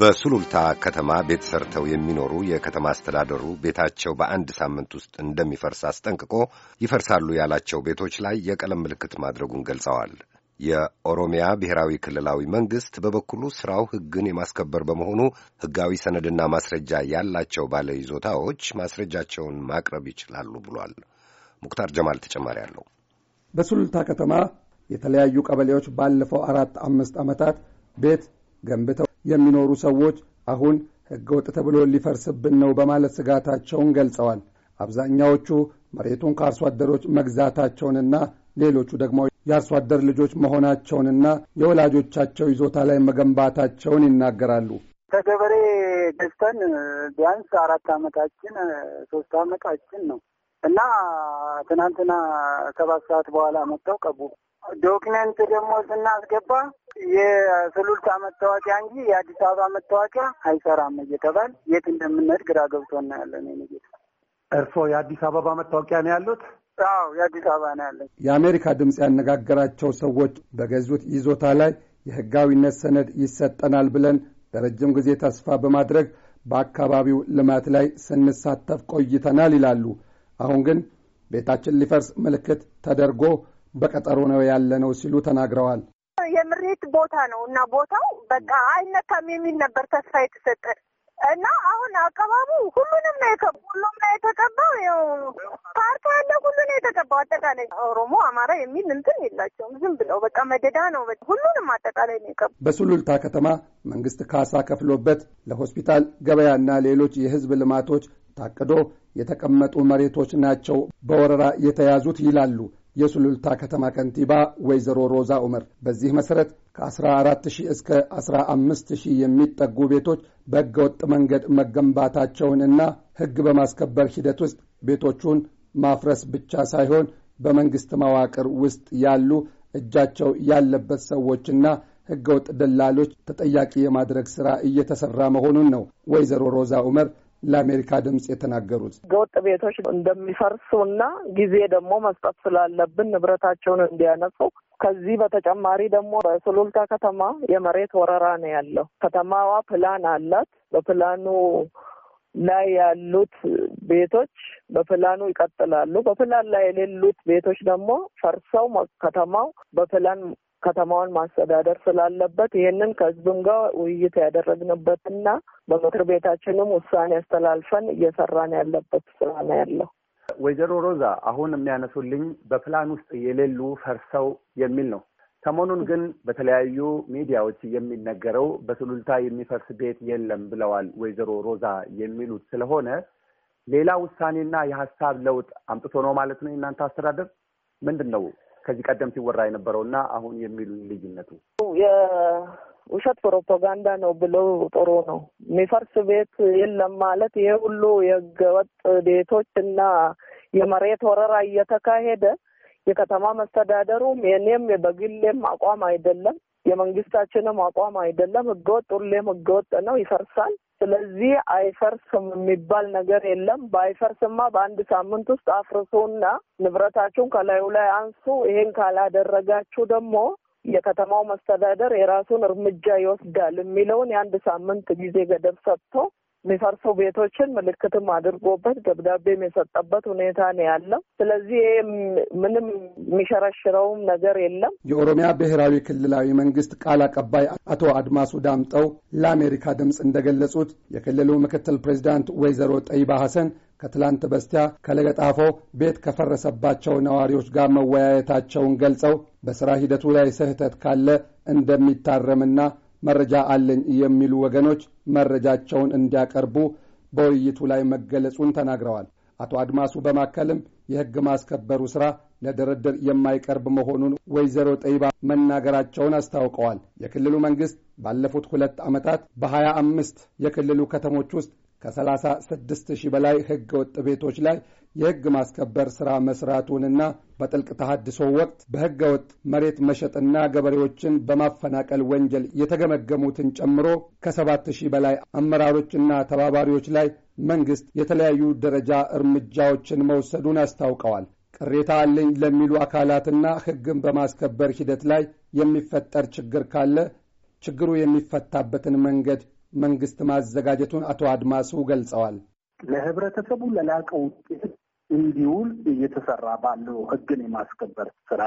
በሱሉልታ ከተማ ቤት ሰርተው የሚኖሩ የከተማ አስተዳደሩ ቤታቸው በአንድ ሳምንት ውስጥ እንደሚፈርስ አስጠንቅቆ ይፈርሳሉ ያላቸው ቤቶች ላይ የቀለም ምልክት ማድረጉን ገልጸዋል። የኦሮሚያ ብሔራዊ ክልላዊ መንግሥት በበኩሉ ሥራው ሕግን የማስከበር በመሆኑ ሕጋዊ ሰነድና ማስረጃ ያላቸው ባለይዞታዎች ማስረጃቸውን ማቅረብ ይችላሉ ብሏል። ሙክታር ጀማል ተጨማሪ አለው። በሱሉልታ ከተማ የተለያዩ ቀበሌዎች ባለፈው አራት አምስት ዓመታት ቤት ገንብተው የሚኖሩ ሰዎች አሁን ሕገወጥ ተብሎ ሊፈርስብን ነው በማለት ስጋታቸውን ገልጸዋል። አብዛኛዎቹ መሬቱን ከአርሶ አደሮች መግዛታቸውንና ሌሎቹ ደግሞ የአርሶ አደር ልጆች መሆናቸውንና የወላጆቻቸው ይዞታ ላይ መገንባታቸውን ይናገራሉ። ከገበሬ ገዝተን ቢያንስ አራት ዓመታችን ሶስት አመታችን ነው እና ትናንትና ሰባት ሰዓት በኋላ መጥተው ቀቡ። ዶክመንት ደግሞ ስናስገባ የስሉልታ መታወቂያ እንጂ የአዲስ አበባ መታወቂያ አይሰራም እየተባል የት እንደምንሄድ ግራ ገብቶ እናያለን። እርስዎ የአዲስ አበባ መታወቂያ ነው ያሉት? አዎ የአዲስ አበባ ነው ያለን። የአሜሪካ ድምፅ ያነጋገራቸው ሰዎች በገዙት ይዞታ ላይ የህጋዊነት ሰነድ ይሰጠናል ብለን ለረጅም ጊዜ ተስፋ በማድረግ በአካባቢው ልማት ላይ ስንሳተፍ ቆይተናል ይላሉ። አሁን ግን ቤታችን ሊፈርስ ምልክት ተደርጎ በቀጠሮ ነው ያለነው ሲሉ ተናግረዋል። የምሬት ቦታ ነው እና ቦታው በቃ አይነካም የሚል ነበር ተስፋ የተሰጠ እና አሁን አቀባቡ ሁሉንም ነው የከ ሁሉም ነው የተቀባው። ያው ፓርክ ያለ ሁሉ ነው የተቀባው። አጠቃላይ ኦሮሞ፣ አማራ የሚል እንትን የላቸውም። ዝም ብለው በቃ መደዳ ነው። ሁሉንም አጠቃላይ ነው የቀቡ። በሱሉልታ ከተማ መንግስት ካሳ ከፍሎበት ለሆስፒታል ገበያና ሌሎች የህዝብ ልማቶች ታቅዶ የተቀመጡ መሬቶች ናቸው በወረራ የተያዙት ይላሉ የሱሉልታ ከተማ ከንቲባ ወይዘሮ ሮዛ ዑመር በዚህ መሠረት ከ14ሺ እስከ 15ሺ የሚጠጉ ቤቶች በሕገወጥ መንገድ መገንባታቸውንና ሕግ በማስከበር ሂደት ውስጥ ቤቶቹን ማፍረስ ብቻ ሳይሆን በመንግሥት መዋቅር ውስጥ ያሉ እጃቸው ያለበት ሰዎችና ሕገወጥ ደላሎች ተጠያቂ የማድረግ ሥራ እየተሠራ መሆኑን ነው ወይዘሮ ሮዛ ኡመር ለአሜሪካ ድምፅ የተናገሩት። ህገወጥ ቤቶች እንደሚፈርሱ እና ጊዜ ደግሞ መስጠት ስላለብን ንብረታቸውን እንዲያነሱ ከዚህ በተጨማሪ ደግሞ በሱሉልታ ከተማ የመሬት ወረራ ነው ያለው። ከተማዋ ፕላን አላት። በፕላኑ ላይ ያሉት ቤቶች በፕላኑ ይቀጥላሉ። በፕላን ላይ የሌሉት ቤቶች ደግሞ ፈርሰው ከተማው በፕላን ከተማውን ማስተዳደር ስላለበት ይህንን ከህዝብም ጋር ውይይት ያደረግንበትና በምክር ቤታችንም ውሳኔ ያስተላልፈን እየሰራን ያለበት ስራ ነው ያለው። ወይዘሮ ሮዛ አሁን የሚያነሱልኝ በፕላን ውስጥ የሌሉ ፈርሰው የሚል ነው። ሰሞኑን ግን በተለያዩ ሚዲያዎች የሚነገረው በሱሉልታ የሚፈርስ ቤት የለም ብለዋል ወይዘሮ ሮዛ የሚሉት ስለሆነ ሌላ ውሳኔና የሀሳብ ለውጥ አምጥቶ ነው ማለት ነው የእናንተ አስተዳደር ምንድን ነው ከዚህ ቀደም ሲወራ የነበረውና አሁን የሚሉ ልዩነቱ ውሸት ፕሮፓጋንዳ ነው ብለው ጥሩ ነው። የሚፈርስ ቤት የለም ማለት ይሄ ሁሉ የህገወጥ ቤቶች እና የመሬት ወረራ እየተካሄደ የከተማ መስተዳደሩም የኔም በግሌም አቋም አይደለም የመንግስታችንም አቋም አይደለም። ህገወጥ ሁሌም ህገወጥ ነው፣ ይፈርሳል። ስለዚህ አይፈርስም የሚባል ነገር የለም። በአይፈርስማ በአንድ ሳምንት ውስጥ አፍርሱና ንብረታችሁን ከላዩ ላይ አንሱ። ይሄን ካላደረጋችሁ ደግሞ የከተማው መስተዳደር የራሱን እርምጃ ይወስዳል የሚለውን የአንድ ሳምንት ጊዜ ገደብ ሰጥቶ የሚፈርሱ ቤቶችን ምልክትም አድርጎበት ደብዳቤም የሰጠበት ሁኔታ ነው ያለው። ስለዚህ ይሄ ምንም የሚሸረሽረውም ነገር የለም። የኦሮሚያ ብሔራዊ ክልላዊ መንግስት ቃል አቀባይ አቶ አድማሱ ዳምጠው ለአሜሪካ ድምፅ እንደገለጹት የክልሉ ምክትል ፕሬዚዳንት ወይዘሮ ጠይባ ሐሰን ከትላንት በስቲያ ከለገጣፎ ቤት ከፈረሰባቸው ነዋሪዎች ጋር መወያየታቸውን ገልጸው በሥራ ሂደቱ ላይ ስህተት ካለ እንደሚታረምና መረጃ አለኝ የሚሉ ወገኖች መረጃቸውን እንዲያቀርቡ በውይይቱ ላይ መገለጹን ተናግረዋል። አቶ አድማሱ በማከልም የሕግ ማስከበሩ ሥራ ለድርድር የማይቀርብ መሆኑን ወይዘሮ ጠይባ መናገራቸውን አስታውቀዋል። የክልሉ መንግሥት ባለፉት ሁለት ዓመታት በሀያ አምስት የክልሉ ከተሞች ውስጥ ከ36 ሺህ በላይ ሕገ ወጥ ቤቶች ላይ የህግ ማስከበር ሥራ መሥራቱንና በጥልቅ ተሃድሶ ወቅት በህገ ወጥ መሬት መሸጥና ገበሬዎችን በማፈናቀል ወንጀል የተገመገሙትን ጨምሮ ከሰባት ሺህ በላይ አመራሮችና ተባባሪዎች ላይ መንግሥት የተለያዩ ደረጃ እርምጃዎችን መውሰዱን አስታውቀዋል። ቅሬታ አለኝ ለሚሉ አካላትና ሕግን በማስከበር ሂደት ላይ የሚፈጠር ችግር ካለ ችግሩ የሚፈታበትን መንገድ መንግስት ማዘጋጀቱን አቶ አድማሱ ገልጸዋል። ለህብረተሰቡ ለላቀ ውጤት እንዲውል እየተሰራ ባለው ህግን የማስከበር ስራ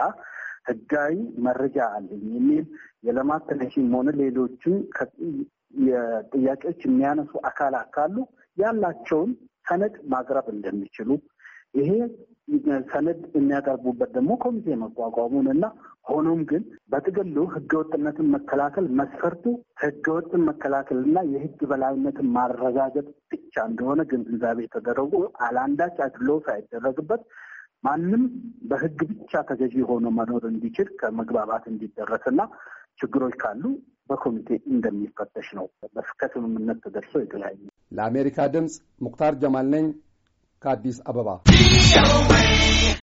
ህጋዊ መረጃ አለኝ የሚል የልማት ኮሚሽንም ሆነ ሌሎችም ጥያቄዎች የሚያነሱ አካላት ካሉ ያላቸውን ሰነድ ማቅረብ እንደሚችሉ ይሄ ሰነድ የሚያቀርቡበት ደግሞ ኮሚቴ መቋቋሙን እና ሆኖም ግን በጥቅሉ ህገወጥነትን መከላከል መስፈርቱ ህገወጥን መከላከል እና የህግ በላይነትን ማረጋገጥ ብቻ እንደሆነ ግንዛቤ የተደረጉ አላንዳች አድሎ ሳይደረግበት ማንም በህግ ብቻ ተገዢ ሆኖ መኖር እንዲችል ከመግባባት እንዲደረስ እና ችግሮች ካሉ በኮሚቴ እንደሚፈተሽ ነው ከስምምነት ተደርሶ የተለያዩ። ለአሜሪካ ድምፅ ሙክታር ጀማል ነኝ። ከአዲስ አበባ